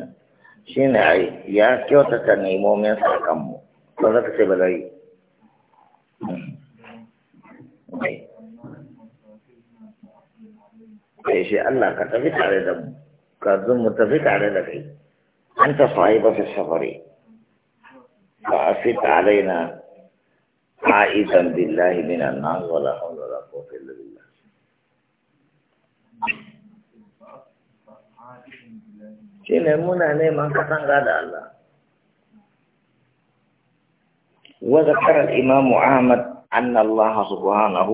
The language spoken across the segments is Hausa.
da shi ne a yi ya kyautata nemomin sakanmu ba za ta ce ba balari kai shi Allah ka tafi tare da mu ka zo mu tafi tare da kai an ta sahi ba su safari ba a fi tare na ha'izan billahi min annan wala hawla wala quwwata illa billah shi ne muna neman katanga da Allah وذكر الإمام أحمد أن الله سبحانه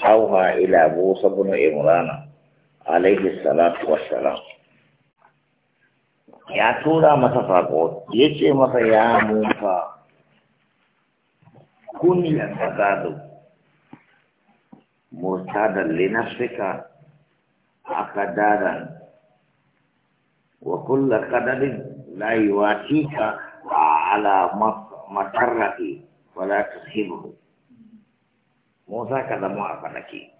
أوحى إلى موسى بن عمران alaihi salatu والسلام ya tura masa sako ya ce masa ya mufa kuniyar fasado murtadar linafsika a kadaran وكل قدر لا يواتيك على مسرة ولا تصحبه Musa ka zama a faɗake.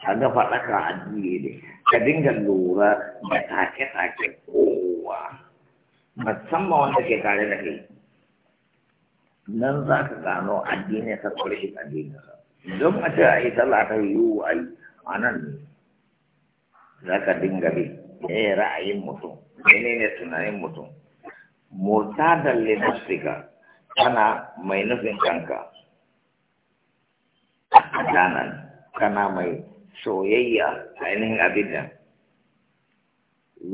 Ka ga faɗaka addini ne, ka dinga lura da take-take kowa, wanda ke tare da kai. Nan za ka gano addini ta kore a addini sa. Don a ce a yi sallah yiwu a nan ne. Za ka dinga bi. ne ra'ayin mutum ne ne tunanin mutum mota da nafsika kana mai nufin kanka A danan kana mai soyayya ainihin abinda nan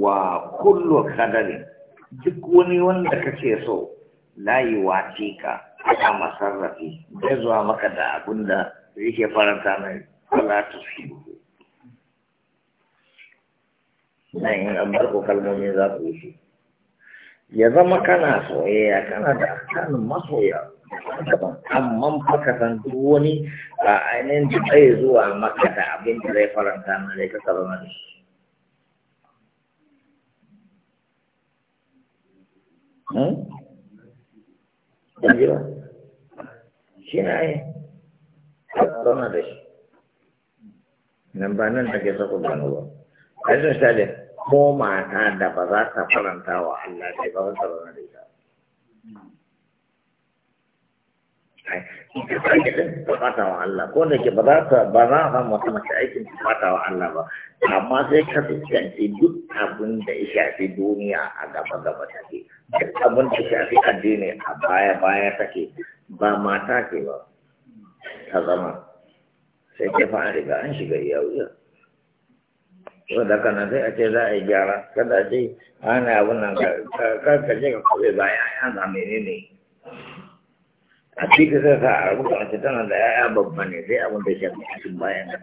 wa kullu kadari duk wani wanda kake so layi wace ka ana masarrafi zai zuwa maka da abin da yake faranta mai kala su na in an bar ku za ku wuce ya zama kana soyayya kana da kanin masoya amma fa ka san duk wani a ainihin da tsaye zuwa maka da abin da zai faranta na da hmm? shi na yi da shi nan ba nan sakon ba a yi sun ko mata da ba za ta faranta wa Allah da ba ta rana da ita. Ita ta ke ɗin ta fata wa Allah ko da ke ba za ta ba za ta wata mace aikin ta fata wa Allah ba amma sai ka fuskanci duk abin da ya shafi duniya a gaba gaba ta ke, duk abin da ya shafi addini a baya baya ta ke, ba mata ke ba ta zama sai ke fa an riga an shiga iya yau da kana sai a ce za a yi gyara kada a ce ana abin nan karkace ka kawai ba ya'ya na mene ne a cikin sai sa a rubuta tana da ya'ya babba ne sai abin da shafi cikin bayan da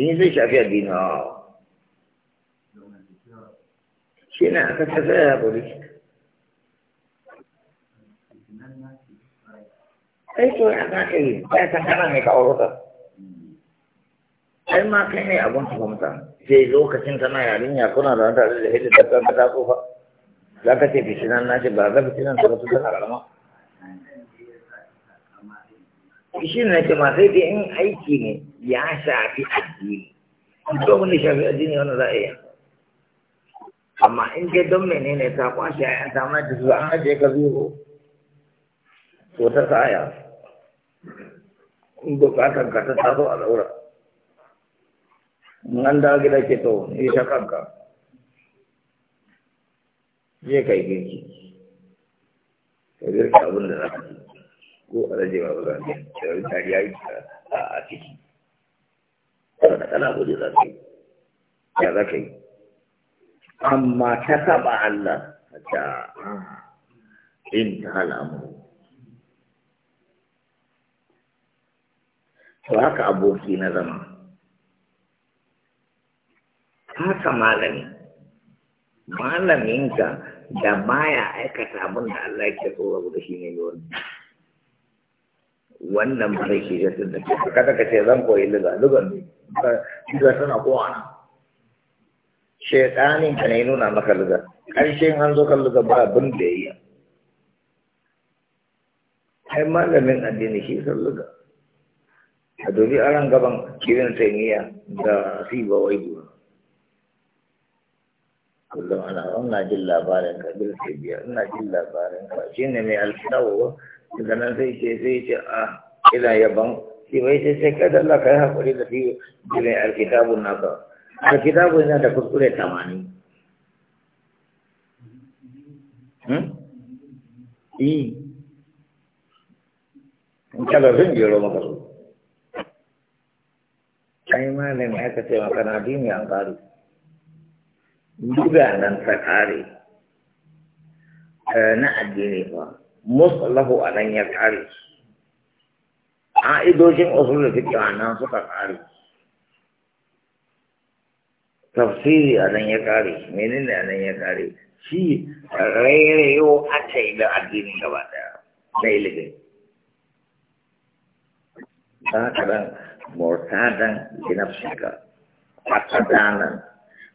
ni zai shafi addini wa shi ne aka ce sai ya ya ka iri ya san mai ka aurota ai ma kai ne abin fahimta sai lokacin tana yarinya kuna da tare da hidda da kan ta kofa za ka ce fitinan na ce ba za fitinan ta mutu tana karama shi ne ce ma sai dai in aiki ne ya shafi addini duk wani shafi addini wani za a yi amma in dai don menene ta kwashe a yan samar da su an ajiye ka zuwa to ta saya in bukatar ka ta taso a daura an da gida ke to isa kanka je kai girki ka girka abin da za ko ala je ba za ka yi ya yi a ciki da kana gode za ka yi ya za kai. amma ta saba Allah ta ah, in ta halamu to haka aboki na zama haka malami malaminka da baya aikata abin da Allah ke tsoro da shi ne yawan wannan ba zai shirya tun da kada ka ce zan koyi liga lugan liga tana kowana shaidanin ka ne nuna maka liga ƙarshen an zo kan liga ba abin da ya yi ai malamin addini shi san liga a dubi aran gaban kirin taimiya da siba wai duniya kullum ana oh, ina jin labarin ka bil biya ina jin labarin ka shi ne mai alkitabu daga nan sai ce sai ce a ah, ina yaban shi bai ce sai kai Allah kai hakuri da shi da mai na naka alkitabu yana da kuskure tamanin hmm? Eh, in kada zan jero maka su. Kai ma ne mai aka ce maka na dini an ƙaru. duga nan ta kare eh, na addini ba musallahu alan ya ya a idojin usul da suke a nan ka kare tafsiri alan ya kare menene a ya kare shi yo aka yi da addini gaba daya na ilimin ta haka nan mortadan linafsika fatadanan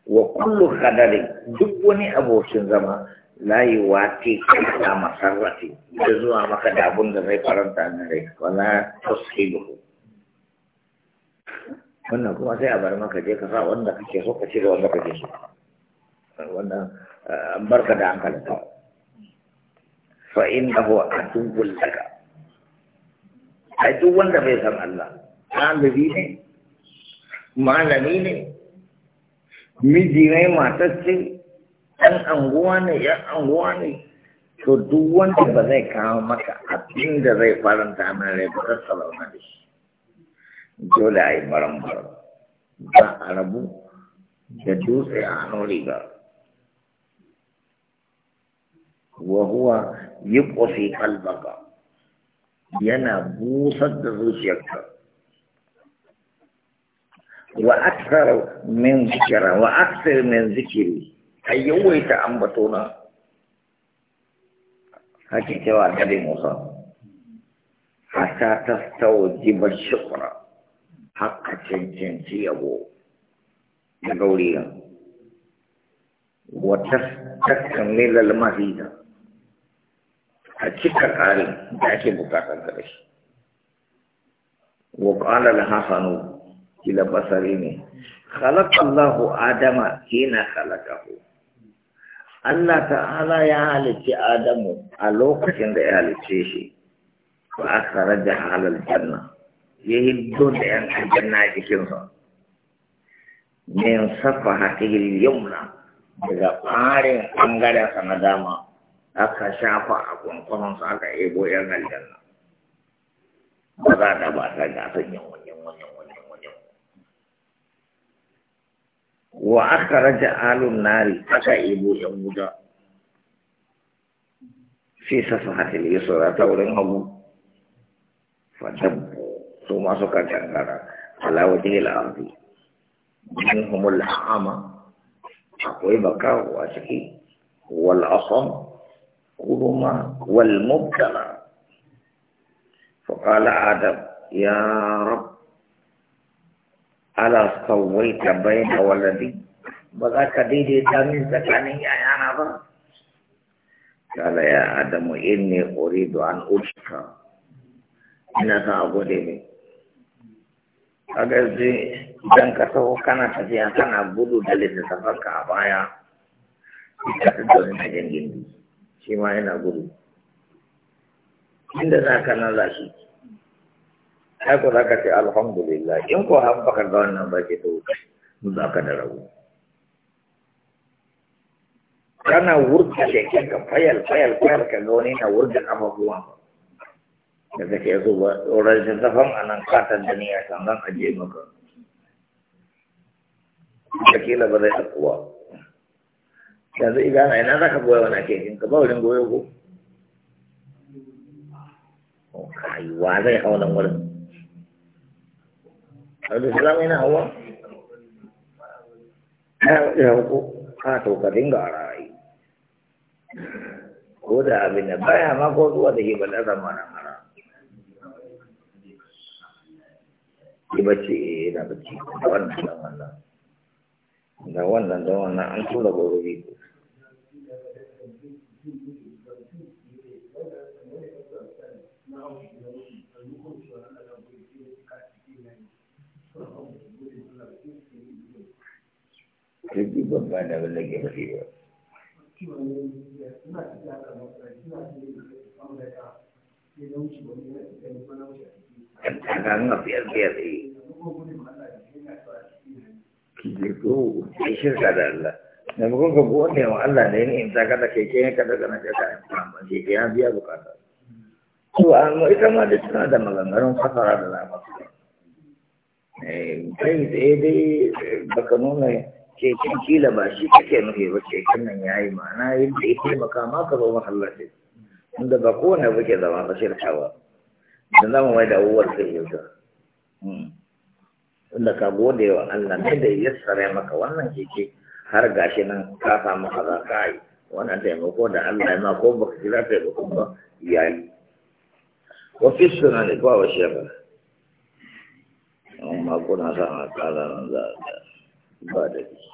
wa kullu qadari duk wani abokin zama la wati kana masarrati da zuwa maka da abun da zai faranta na rai wala tushibuhu wannan kuma sai a bar maka je ka sa wanda kake so ka cire wanda kake so wannan eh, an barka da ka fa innahu atubul laka ai duk wanda bai san Allah ɗalibi ne malami ne miji ne ce, ɗan anguwa ne ‘yan anguwa ne to duk wanda ba zai kawo maka abin da zai faranta min rai ba sassa launa da shi dole a yi baran baran Ba a rabu da dutse a hannun riga wa yi ƙofi yana busar da zuciyarka وأكثر من ذكرى وأكثر من ذكره أيويت أنبتنا هكي جواب أبي موسى حتى تستوجب الشكر حق تنتنتي أبو لقوليا وتستكمل المزيد حتى قال بأكي بكاتا وقال لها صنوب kila basari ne khalaqallahu adama hina khalaqahu Allah ta'ala ya halicci Adamu a lokacin da ya halicce shi wa da halal janna ya hiddo da yan aljanna a jikinsa min safahatihi al-yumna daga farin bangaren sa na dama aka shafa a kwankwanon aka ebo yan aljanna ba za ta ba ta gasan yin wani wa akhraja alun nari aka ibo yan wuta fi safahatil yusra ta wurin hagu Fa fadabbu su masu kankara ala wajhil ardi منهم الأعمى akwai bakawo a ciki wal asam kuruma wal mubtala fa qala adam ya rab ala sawaita ta waladi ba za ka daidaita min tsakanin yayana ba kala ya adamu inni uridu an ushka ina san a gode ne kaga idan ka taho kana tafiya kana gudu da littattafanka a baya ita ta domin a jirgin shi ma yana gudu inda za ka nan shi sai ko zaka alhamdulillah in ko har ba ka da kana ka fayal fayal ka ga wani na wurga ba a nan katar da ni a sannan ajiye ba ka ka ba ko wa zai hau nan al-islam ina hawa ya ko ka to ka dinga ko da abin baya ma ko zuwa da shi bala zama nan ara ki bace na bace wannan wannan da wannan da wannan an tura kirki babba da wanda ke faɗi ba Tangan biar ini. Allah. Nama kau kebuat ni Allah ni ini entah kata kekeh kata kena bukan. Tuhan ada ada Eh, ini ce kila ba shi kake nufi ba ce kan nan yayi ma'ana yadda ya taimaka ma ka zo ce. inda ba kowane ba ke zama ba shirka ba da zama mai da abubuwar kai yau hmm. inda ka gode wa Allah ne da ya tsare maka wannan keke har gashi nan ka samu haza ka yi wannan taimako da Allah ya ma ko baka jira taimakon ba yi wa fi ne ba wa shirka amma kuna sa a kala nan za a ba da shi